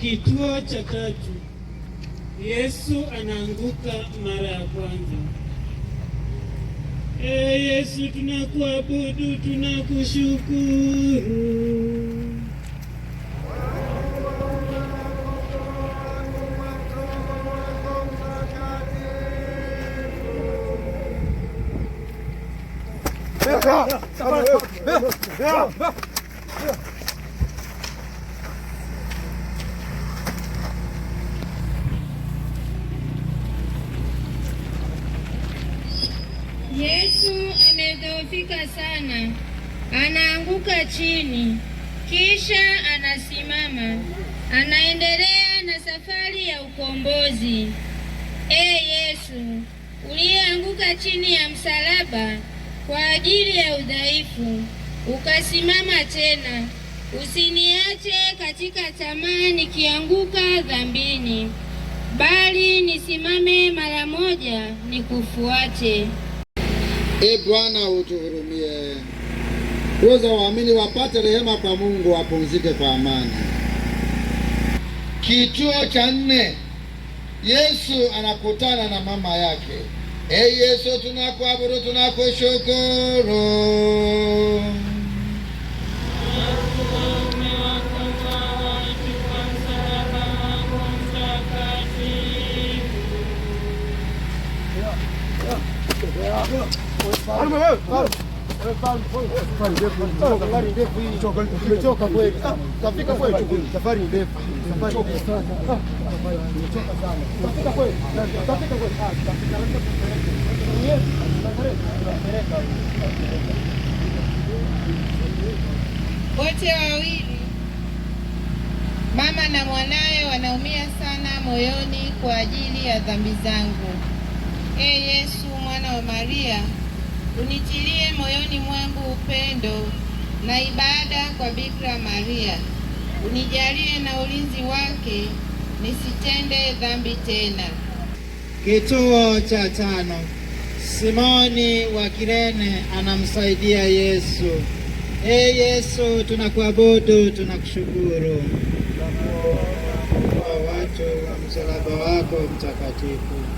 Kituo cha tatu, Yesu anaanguka mara ya kwanza. E Yesu, tunakuabudu, tunakushukuru Yesu amedhoofika sana, anaanguka chini, kisha anasimama, anaendelea na safari ya ukombozi. E Yesu uliyeanguka chini ya msalaba kwa ajili ya udhaifu, ukasimama tena. Usiniache katika tamaa nikianguka dhambini, bali nisimame mara moja nikufuate. E Bwana, utuhurumie. Uweza waamini wapate rehema kwa Mungu, wapumzike kwa amani. Kituo cha nne, Yesu anakutana na mama yake. E Yesu tunakwabudu tunakushukuru. Safari ndefu, safari ndefu. Wote wawili mama na mwanaye wanaumia sana moyoni kwa ajili ya dhambi zangu. Ee Yesu mwana wa Maria, unitilie moyoni mwangu upendo na ibada kwa Bikira Maria, unijalie na ulinzi wake nisitende dhambi tena. Kituo cha tano. Simoni wa Kirene anamsaidia Yesu. E Yesu, tunakuabudu, tunakushukuru kwa watu wa msalaba wako mtakatifu.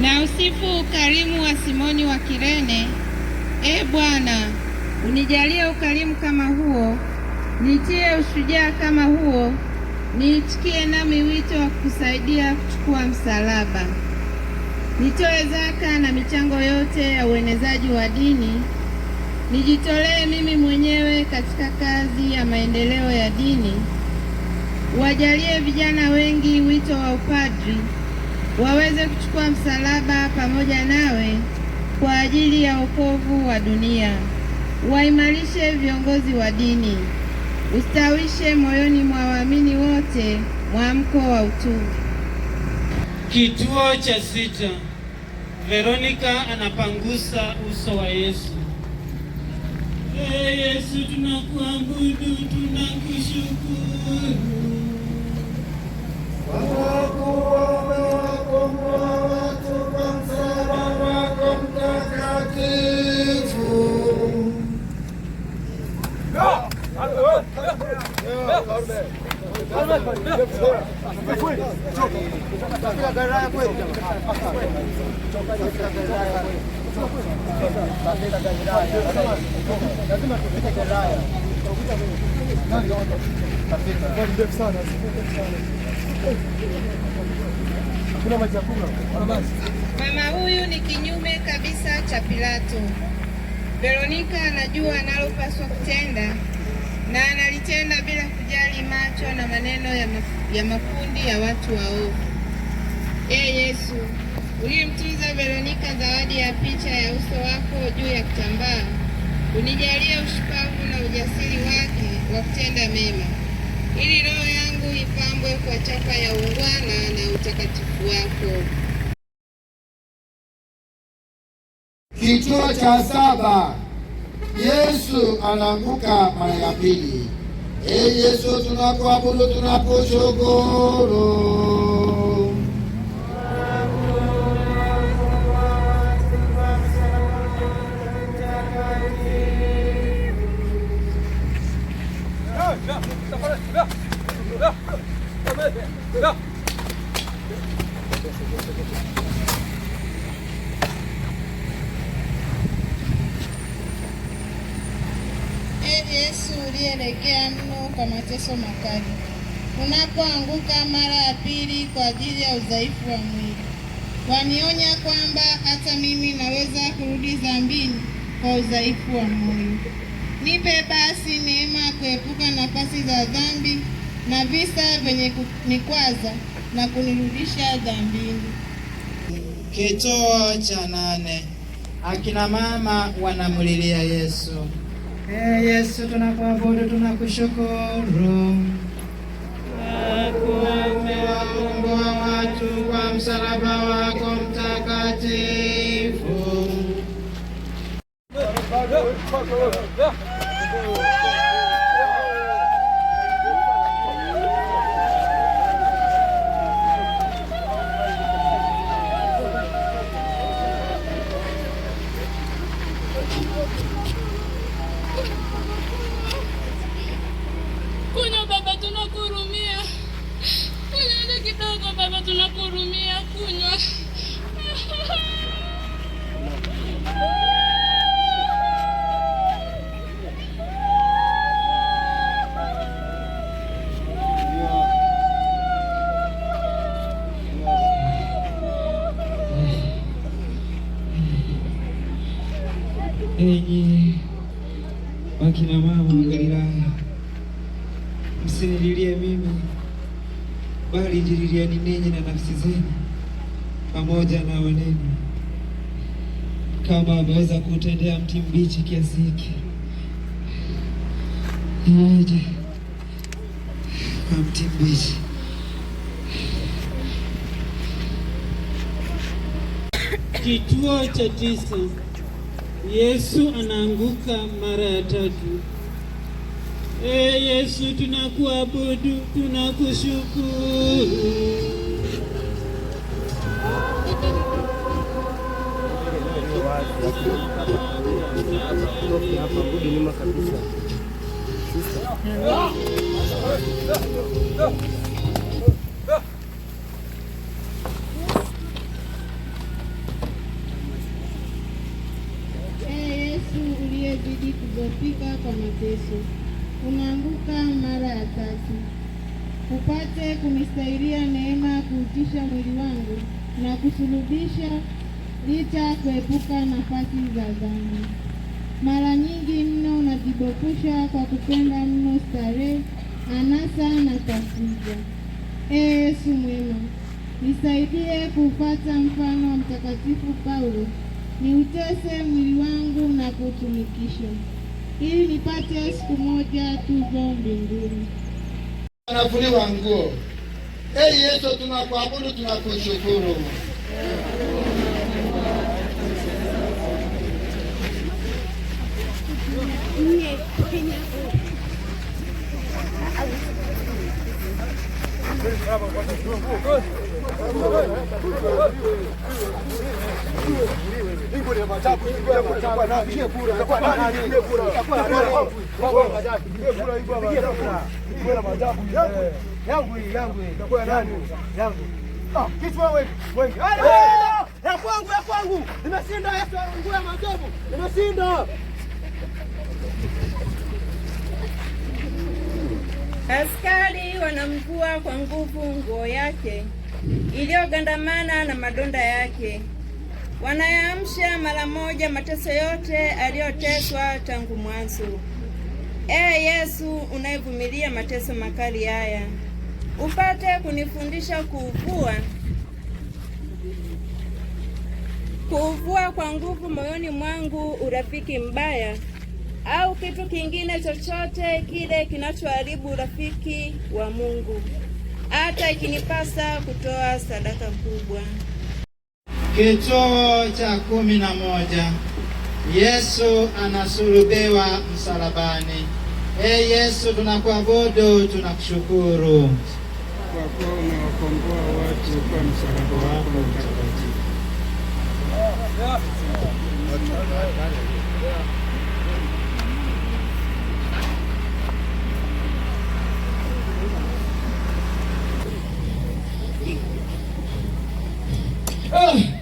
Na usifu ukarimu wa Simoni wa Kirene. E Bwana, unijalie ukarimu kama huo, nitie ushujaa kama huo, niitikie nami wito wa kusaidia kuchukua msalaba nitoe zaka na michango yote ya uenezaji wa dini, nijitolee mimi mwenyewe katika kazi ya maendeleo ya dini. Wajalie vijana wengi wito wa upadri, waweze kuchukua msalaba pamoja nawe kwa ajili ya wokovu wa dunia. Waimarishe viongozi wa dini, ustawishe moyoni mwa waamini wote mwamko wa utu. Kituo cha sita. Veronica anapangusa uso wa Yesu. Hey ee Yesu, tunakuabudu, tunakushukuru kwa watu kwa msalaba wako mtakatifu Mama huyu ni kinyume kabisa cha Pilato. Veronika anajua analopaswa kutenda na analitenda bila kujali macho na maneno ya, maf ya makundi ya watu waovu. Ee Yesu, ulimtunza Veronika zawadi ya picha ya uso wako juu ya kitambaa, unijalie ushupavu na ujasiri wake wa kutenda mema, ili roho yangu ipambwe kwa chapa ya ungwana na utakatifu wako. Kituo cha saba. Yesu anaanguka mara ya pili. E Yesu, tunakuabudu tunakushukuru. Ee Yesu uliyelekea mno kwa mateso makali, unapoanguka mara ya pili kwa ajili ya udhaifu wa mwili, wanionya kwamba hata mimi naweza kurudi dhambini kwa udhaifu wa moyo. Nipe basi neema kuepuka nafasi za dhambi na visa vyenye kunikwaza na kunirudisha dhambini. Kitoa cha nane. Akina mama wanamlilia Yesu. Ee Yesu, tunakuabudu, tunakushukuru umewakomboa watu kwa msalaba wako mtakatifu. zenu pamoja na wenenu, kama ameweza kutendea mti mbichi kiasi hiki, aje na mti mbichi Kituo cha tisa. Yesu anaanguka mara ya tatu. E Yesu, tunakuabudu, tunakushukuru. Toke hapa, rudi nyuma kabisa. Yesu uliyezidi kugopika kwa mateso, unaanguka mara ya tatu, upate kunistahilia neema kuutisha mwili wangu na kusulubisha licha kuepuka nafasi za dhambi. Mara nyingi mno unajibofusha kwa kupenda mno starehe, anasa na tafrija. Ee Yesu mwema, nisaidie kufuata mfano wa Mtakatifu Paulo, niutese mwili wangu na kuutumikisha, ili nipate siku moja tuzo mbinguni. Anafuliwa nguo. Ee Yesu, tunakuabudu tunakushukuru. Niye? Beni ah, yangu yangu nimeshinda nimeshinda Askari wanamvua kwa nguvu nguo yake iliyogandamana na madonda yake, wanayaamsha mara moja mateso yote aliyoteswa tangu mwanzo. Ee Yesu, unayevumilia mateso makali haya, upate kunifundisha kuuvua kuuvua kwa nguvu moyoni mwangu urafiki mbaya au kitu kingine chochote kile kinachoharibu urafiki wa Mungu, hata ikinipasa kutoa sadaka kubwa. Kituo cha kumi na moja. Yesu anasulubiwa msalabani. e Yesu, tunakuabudu, tunakushukuru kwa kuwa unawakomboa watu kwa msalaba wako mtakatifu. Oh.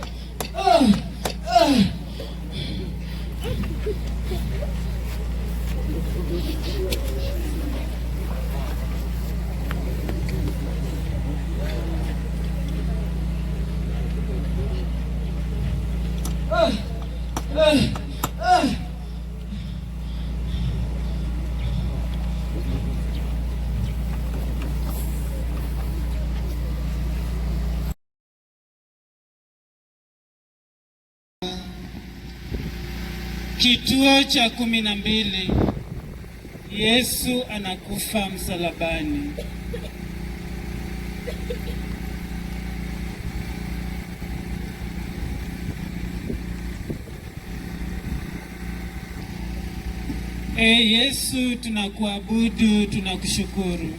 Kituo cha kumi na mbili, Yesu anakufa msalabani. E Yesu, tunakuabudu, tunakushukuru.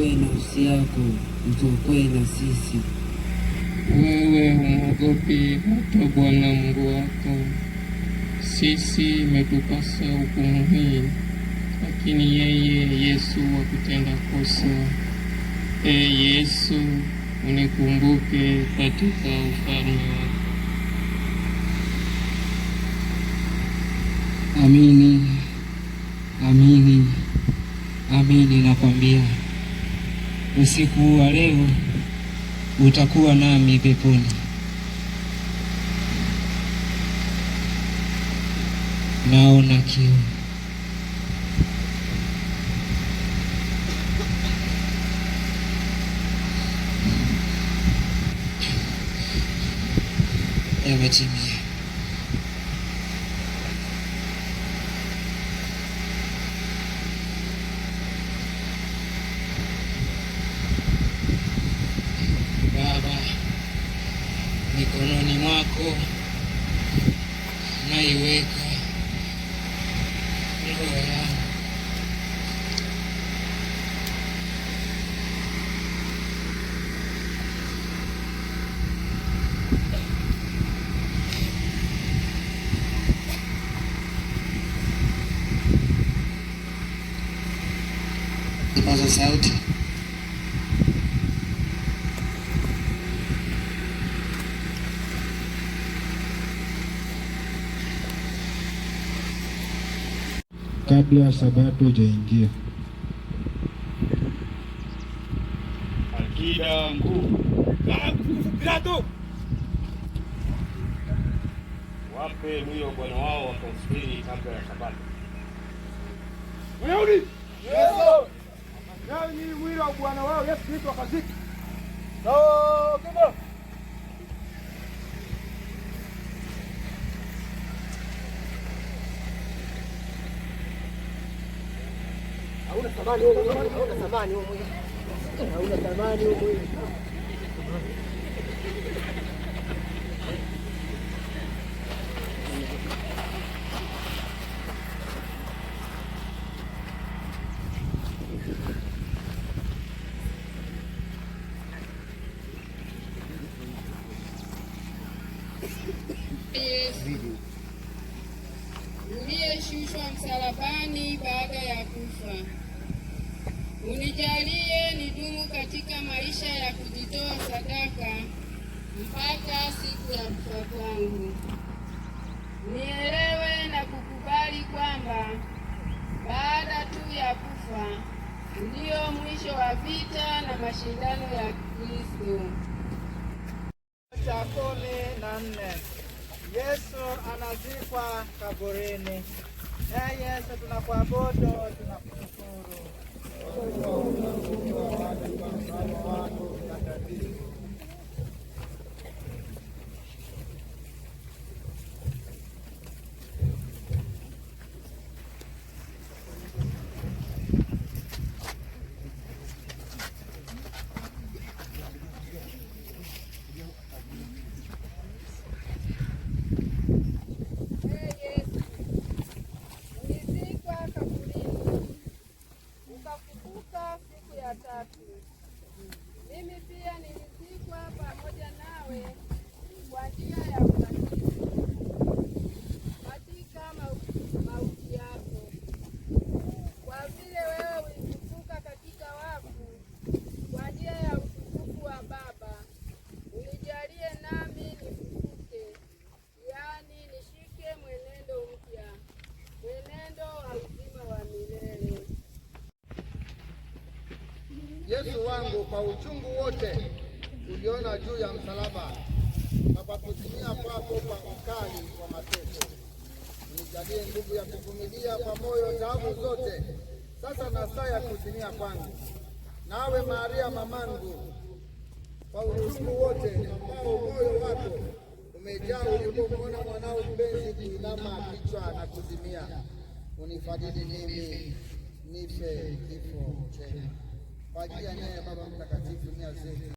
utuokoe na usi yako utuokoe na sisi. Wewe humwogopi hata Bwana Mungu wako. Sisi imetupasa hukumu hii, lakini yeye Yesu wakutenda kosa. E Yesu, unikumbuke katika ufalme wako. Amini, amini, amini nakwambia usiku wa leo utakuwa nami peponi. Naona kiu. Yametimia. mikononi mwako naiweka roho yangu. sauti. kabla sabato ijaingia. Akida nguvu wape huyo bwana wao wakamsubiri kabla ya sabato. Wayahudi mwili wa bwana wao Yesu Kristo akazika hauna thamani huo mwili, hauna thamani huo mwili, hauna thamani huo mwili. kufa msalabani baada ya kufa. Unijalie nidumu katika maisha ya kujitoa sadaka mpaka siku ya kufa kwangu. Nielewe na kukubali kwamba baada tu ya kufa ndiyo mwisho wa vita na mashindano ya Kristo. Cha kumi na nne. Yesu anazikwa kaburini. Yes, tunakuabudu, tunakuabudu. ya tatu. Mimi pia nilizikwa pamoja nawe kwa njia ya ubatizo katika mauti Yesu wangu kwa uchungu wote uliona juu ya msalaba, na kwa kutumia kwako kwa ukali wa mateso unijalie nguvu ya kuvumilia kwa moyo taabu zote, sasa na saa ya kuzimia kwangu. Nawe Maria mamangu, kwa uchungu wote ambao moyo wako umejaa ulipomwona mwanao mpenzi kuinama kichwa na kuzimia, unifadhili mimi nife kifo chema kwa ajili ya neema ya Baba Mtakatifu nia zetu